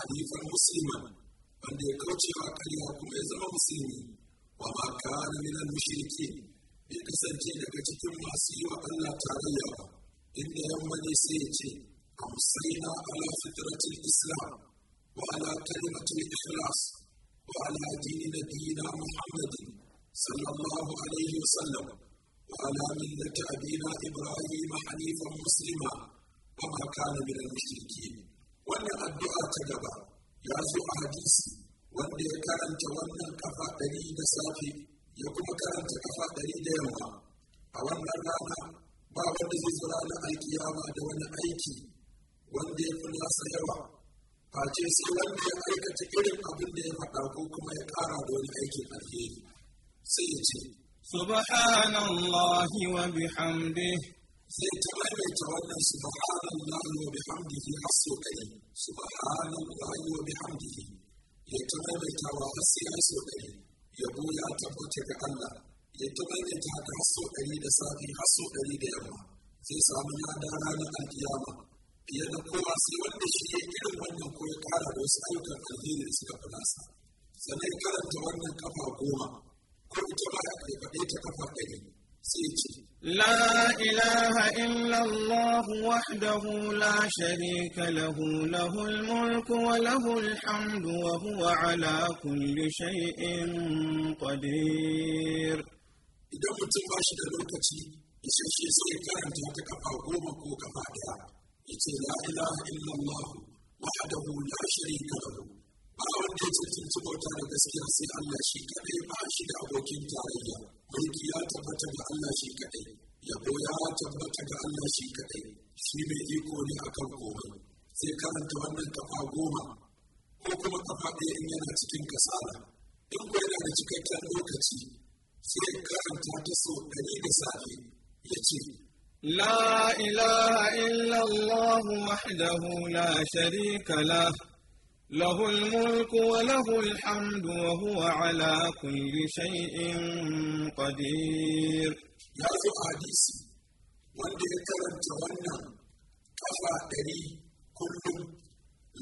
خليفا مسلما أن يكوتي عقلي حكم مسلمي وما كان من المشركين يكسنتي لك تكون معصي وألا تعالى إن يوم نسيتي أمسينا على فترة الإسلام وعلى كلمة الإخلاص وعلى دين نبينا محمد صلى الله عليه وسلم وعلى ملة أبينا إبراهيم حنيفا مسلما وما كان من المشركين وأن الدعاء تدعو ya zo a hadisi wanda ya karanta wannan kafa ɗari da safe ya kuma karanta kafa ɗari da yamma a wannan rana ba wanda zai zo ranar alkiyama da wani aiki wanda ya fi nasa yawa face sai wanda ya aikata irin abin da ya faɗa ko kuma ya ƙara da wani aikin alheri sai ya ce subhanallahi wa bihamdihi sai ta maimaita wannan subhanallahi wa bihamdihi har sau ɗari subhanallahi wa bihamdihi ya ta maimaita wa har sai har sau ɗari yabo ya tabbata ga Allah ya ta maimaita haka har sau ɗari da safi har sau ɗari da yamma zai samu yada ranar alkiyama fiye da kowa sai wanda shi ya irin wannan ko ya kara da wasu ayyukan alheri da suka fulasa sannan karanta wannan kafa goma ko ita ba ya faɗe ta kafa ɗari sai ce لا إله إلا الله وحده لا شريك له له الملك وله الحمد وهو على كل شيء قدير idan mutum ba shi da lokaci isasshe sai karanta ta kafa goma ko kafa ɗaya ya ce la ilaha illallah wahdahu la sharika lahu ba wanda ya cancanci bauta da gaskiya sai Allah shi kadai ba shi da abokin tarayya mulki ya tabbata ga Allah shi kadai yabo ya tabbata ga Allah shi kadai shi mai iko ne akan komai sai karanta wannan kafa goma ko kuma kafa ɗaya in yana cikin kasala in ko yana da cikakken lokaci sai karanta ta sau ɗari da safe ya ce لا إله إلا الله وحده لا شريك له له الملك وله الحمد وهو على كل شيء قدير يا ذو حديث وانت كرم جوانا كفا تري كل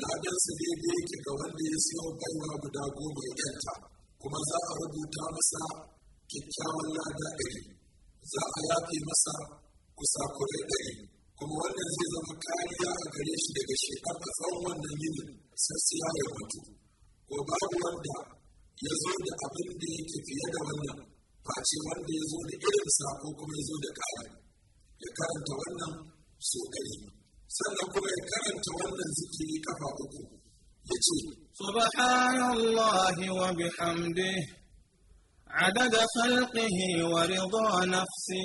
لا جنس دي بيك جوان دي اسمه بيوا بداغو بيكتا كما زا أربو تامسا كتاوان لا دائري زا آياتي مسا كسا دائري kuma wannan zai zama kariya a gare shi daga shekar a tsawon wannan yinin sassiya ya mutu ko babu wanda ya zo da abin da yake fiye da wannan face wanda ya zo da irin sako kuma ya zo da kaya ya karanta wannan so ɗari sannan kuma ya karanta wannan zikiri kafa uku ya ce subhanallahi wa bihamdihi عدد خلقه ورضا نفسه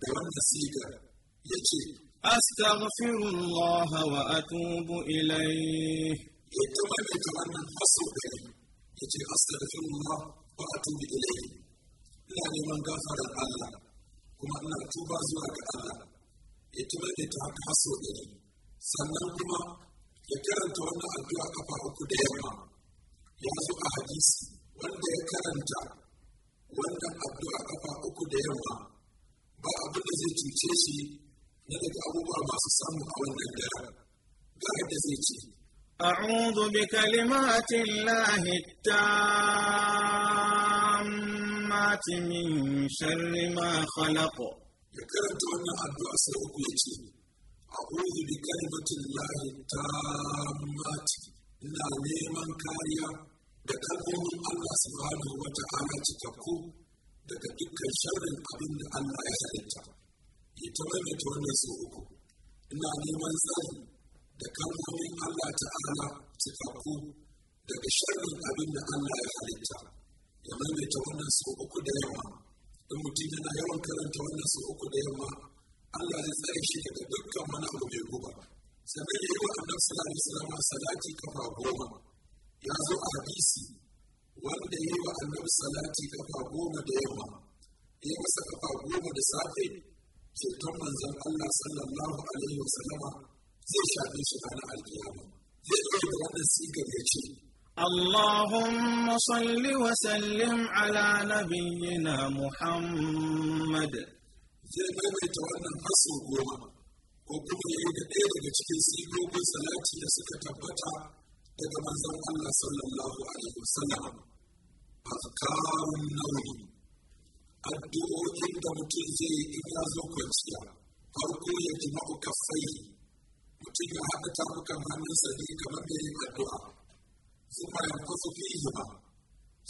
gaban nasiga ya ce astaghfirullah wa atubu ilayh ya taba mai ta wannan haso gari ya ce astaghfirullah wa atubu ilayh ina neman gafarar Allah kuma ina tuba zuwa ga Allah ya taba mai ta haka haso gari sannan kuma ya karanta wannan addu'a kafa uku da yamma ya zo a hadisi wanda ya karanta wannan addu'a kafa uku da yamma ba abin da zai cuce shi na daga abubuwa masu samu a wannan daren ga da zai ce أعوذ بكلمات الله التامات من شر ما خلق أعوذ بكلمة الله التامات إلا نيمان كاريا بكلمة الله سبحانه وتعالى تتقو daga dukkan sharrin abin da Allah ya halitta ya ta maimaita wannan sau uku ina neman tsari da kalmomin Allah ta'ala cikakku daga sharrin abin da Allah ya halitta ya maimaita wannan sau uku da yamma in mutum yana yawan karanta wannan sau uku da yamma Allah zai tsare shi daga dukkan wani abu mai guba sannan ya yi wa annabi sallallahu alaihi wasallam salati kafa goma ya zo a hadisi wanda ya yi wa annabi salati kafa goma da yamma ya masa kafa goma da safe ceton manzon Allah sallallahu alaihi wa sallama zai shafe shi ranar alkiyama zai ɗauke da wannan sigar ya ce اللهم صل وسلم على نبينا محمد zai maimaita wannan hasso goma ko kuma ya yi da ɗaya daga cikin sigogin salati da suka tabbata يتمثل أن صلى الله عليه وسلم أذكار النوم الدعوين da mutum zai in ya zo kwanciya farko ya jima'u kafai mutum ya haɗa tafukan hannunsa ne kamar da yin addu'a ثم ينقص فيهما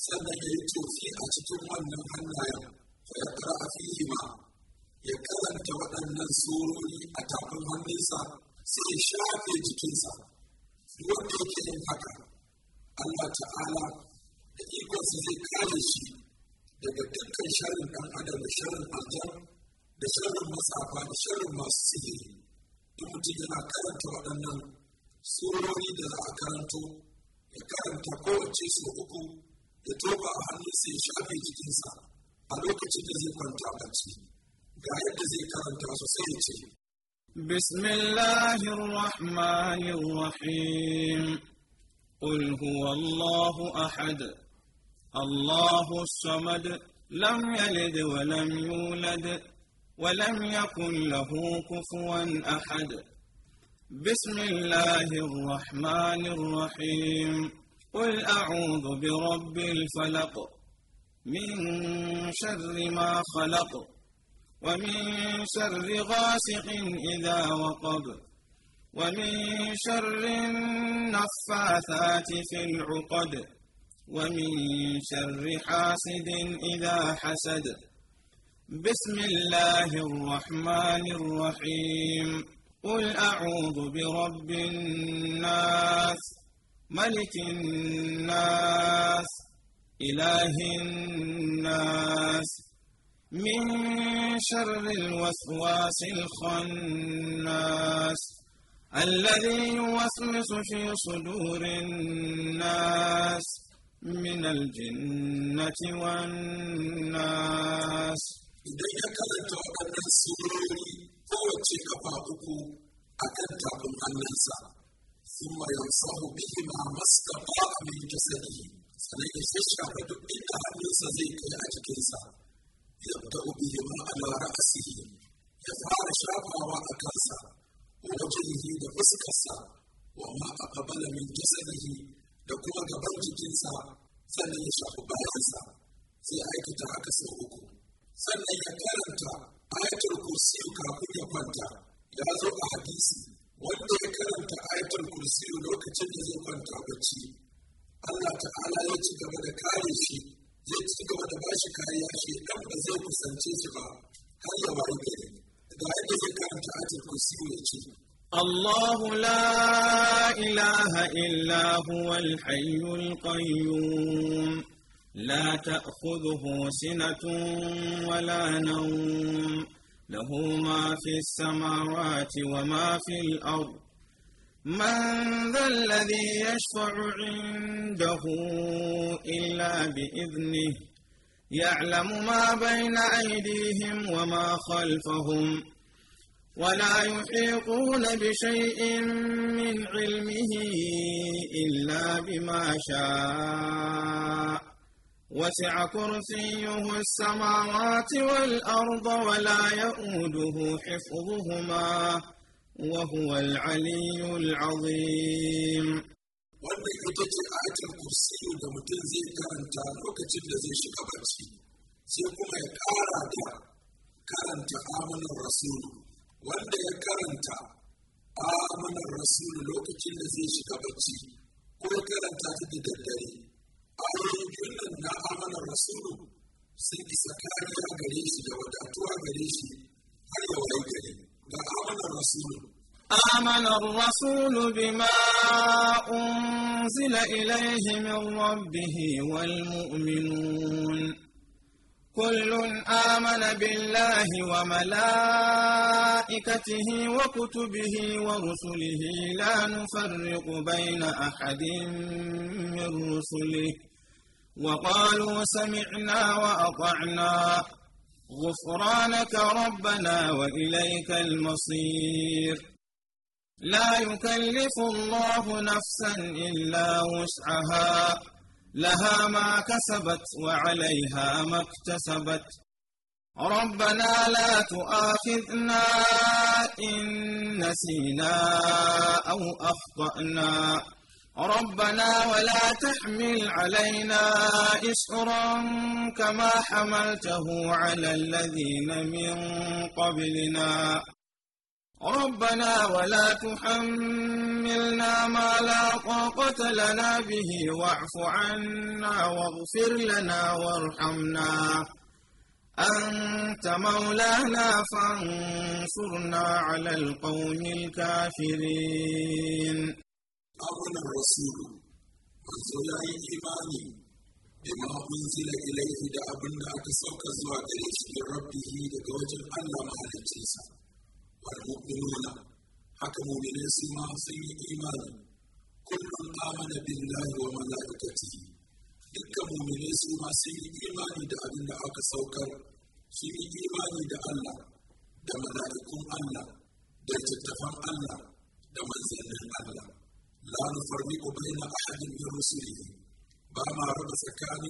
sannan ya yi tofi a cikin wannan hannayen ya ƙara fihima ya karanta waɗannan surori a tafin hannunsa sai ya shafe jikinsa wanda yake yin haka Allah ta'ala da ikonsa zai kare shi daga dukkan sharrin ɗan adam da sharrin aljan da sharrin matsafa da sharrin masu sihiri duk mutum yana karanta waɗannan surori da za a karanto ya karanta kowace su uku ya toba a hannunsa ya shafe jikinsa a lokacin da zai kwanta bacci ga yadda zai karanta su sai ya ce بسم الله الرحمن الرحيم قل هو الله احد الله الصمد لم يلد ولم يولد ولم يكن له كفوا احد بسم الله الرحمن الرحيم قل اعوذ برب الفلق من شر ما خلق ومن شر غاسق إذا وقب ومن شر النفاثات في العقد ومن شر حاسد إذا حسد بسم الله الرحمن الرحيم قل أعوذ برب الناس ملك الناس إله الناس من شر الوسواس الخناس الذي يوسوس في صدور الناس من الجنة والناس إذا كانت أكبر السرور فهو تلك بابك أكنت أبن ثم ينصه به مع مسكبا من جسده فليفش أبد إلا أن ينصذيك أجكيزا على رأسه ya fara shafawa a kansa wa wajihi da fuskarsa wa ma aqbala min jasadihi da kuma gaban jikinsa sannan ya shafi bayansa sai ya aikata haka sau uku sannan ya karanta ayatul kursi kafin ya kwanta ya zo a hadisi wanda ya karanta ayatul kursi lokacin da zai kwanta bacci Allah ta'ala ya ci gaba da kare shi zai ci gaba da bashi kariya shi dan ba zai kusance shi ba har ya wayi gari da yadda zai karanta atin kursi ya ce الله لا إله إلا هو الحي القيوم لا تأخذه سنة ولا نوم له ما في السماوات وما في الأرض من ذا الذي يشفع عنده إلا بإذنه يعلم ما بين أيديهم وما خلفهم ولا يحيطون بشيء من علمه إلا بما شاء وسع كرسيه السماوات والأرض ولا يؤوده حفظهما وهو العلي العظيم wannan ita ce ayatul kursi da mutum zai karanta lokacin da zai shiga barci sai kuma ya ƙara da karanta amanar rasulu wanda ya karanta amanar rasulu lokacin da zai shiga barci ko ya karanta ta da daddare ayoyin nan na amanar rasulu sun isa kariya gare shi da wadatuwa gare shi har ya wayi gari آمن الرسول بما أنزل إليه من ربه والمؤمنون كل آمن بالله وملائكته وكتبه ورسله لا نفرق بين أحد من رسله وقالوا سمعنا وأطعنا غفرانك ربنا وإليك المصير لا يكلف الله نفسا إلا وسعها لها ما كسبت وعليها ما اكتسبت ربنا لا تؤاخذنا إن نسينا أو أخطأنا ربنا ولا تحمل علينا إسرا كما حملته على الذين من قبلنا ربنا ولا تحملنا ما لا طاقة لنا به واعف عنا واغفر لنا وارحمنا أنت مولانا فانصرنا على القوم الكافرين آمن الرسول manzo ya yi imani da ma unzila ilaihi da abin da aka sauka zuwa gare shi da rabbihi daga wajen Allah mahaliccinsa wal mu'minuna haka mu'minai su ma sun yi imani kullum amana billahi wa malaikatihi dukkan mu'minai su ma sun yi imani da abin da aka saukar sun yi imani da Allah da mala'ikun Allah da littattafan Allah da manzannin Allah لا نفرق بين أحد من رسله بما رب سكان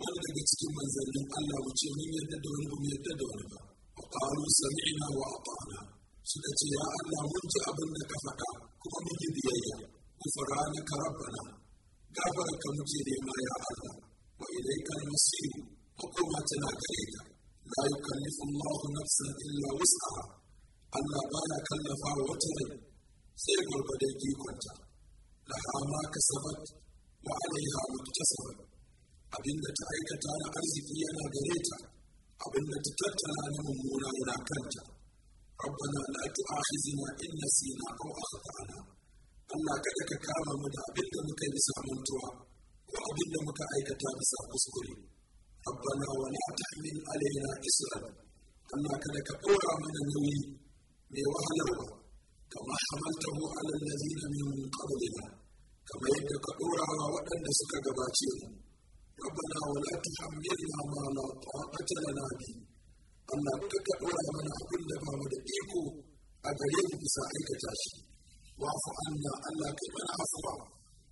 ولد جتكم من ذلك ألا وجمي يددون بم يددون وقالوا سمعنا وأطعنا سلتي يا ألا منت أبنك فكا كما مجد يايا وفرانك ربنا قابلك مجد ما يا ألا وإليك المصير حكم تنا كريدا لا يكلف الله نفسا إلا وسعها ألا بالا كلفا وتر سيقول بديكي كنتا لها ما كسبت وعليها ما اكتسبت abin da ta aikata na arziki yana gare ta abin da ta tattala na mummuna yana kanta rabbana la tu'akhizna in nasina aw akhtana Allah kada ka kama mu da abin da muka yi bisa mantuwa ko abin da muka aikata bisa kuskure rabbana wa la tahmil alaina isran Allah kada ka ɗora mana nauyi mai wahalarwa كما حملته على الذين من قبلنا كما يدك دورا وأن سكجباتهم ربنا ولا تحملنا ما لا طاقة لنا به أن أبتك دورا من أقل ما مدئيكو أبريد بسعيك تاشي وعفو عنا ألا كمن عفوا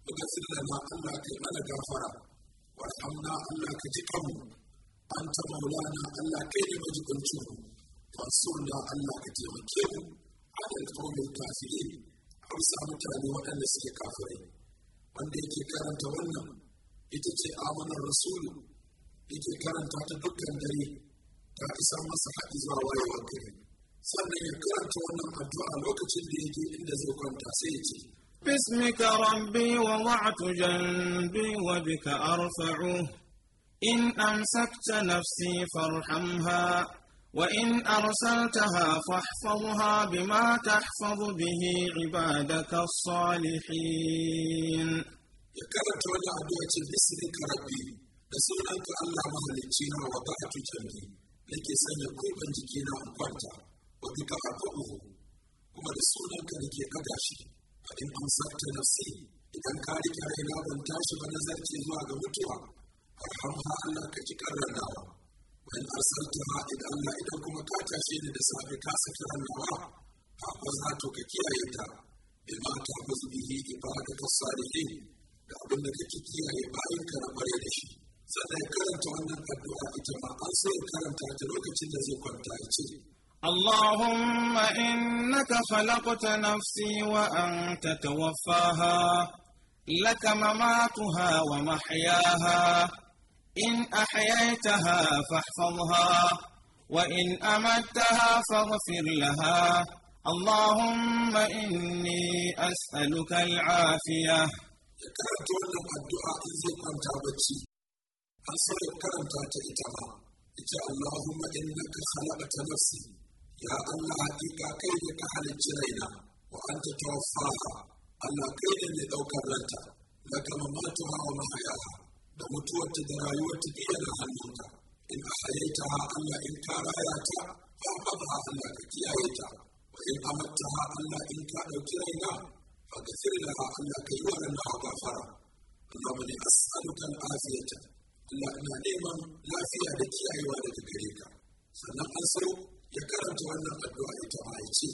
وقفل لنا ألا كمن جعفرا وارحمنا ألا كتقم أنت مولانا ألا كيلمجكم تنصرنا ألا كتقم عدد قوم الكافرين أمسى مكاني وأنا سي كافري وأنا كي كان تغنى إتتي آمن الرسول إتتي كان تعتدك عندي تعتسى مصحة إزراء ويوكري سنن كان تغنى أدعى الوقت اللي يجي إلا زوكا تعسيتي باسمك ربي وضعت جنبي وبك أرفعه إن أمسكت نفسي فارحمها وإن أرسلتها فاحفظها بما تحفظ به عبادك الصالحين ya karanta wannan addu'a ce bismika rabbi da sunanka Allah mahalicci na wa ba'atu jami nake sanya kurban jiki na in kwanta wa bika haqqahu kuma da sunanka nake kada shi fa in amsakta nafsi idan ka rike raina ban tashi ba nazarci zuwa ga mutuwa arhamha Allah ka ji karranawa in arsalta idan Allah idan kuma ka tashe ni da safe ka saki hannawa fa za to ka kiyaye ta bima ta fazu bihi ibadatu salihin da abin da kake kiyaye bayan ka rabare da shi sannan karanta wannan addu'a ita ma an so karanta ta lokacin da zai kwanta ya ce اللهم إنك خلقت نفسي وأنت توفاها لك مماتها ومحياها إن أحييتها فاحفظها وإن أمتها فاغفر لها اللهم إني أسألك العافية أصر كلام تاتا إتما إتا اللهم إنك خلقت نفسي يا الله إيكا كيد كحل الجرينة وأنت توفاها الله كيد لدوك الرنتا لك مماتها ومحياها da mutuwarta da rayuwarta da yana hannunka in ahayaita ha Allah in ka raya ta fa ha Allah ka kiyaye ta wa in amatta ha Allah in ka ɗauki raina fa gafir laha Allah ka yi wa raina gafara Allah bane as'aluka al'afiyata Allah ina neman lafiya da kiyayewa daga gare ka sannan an so ya karanta wannan addu'a ita ma ya ce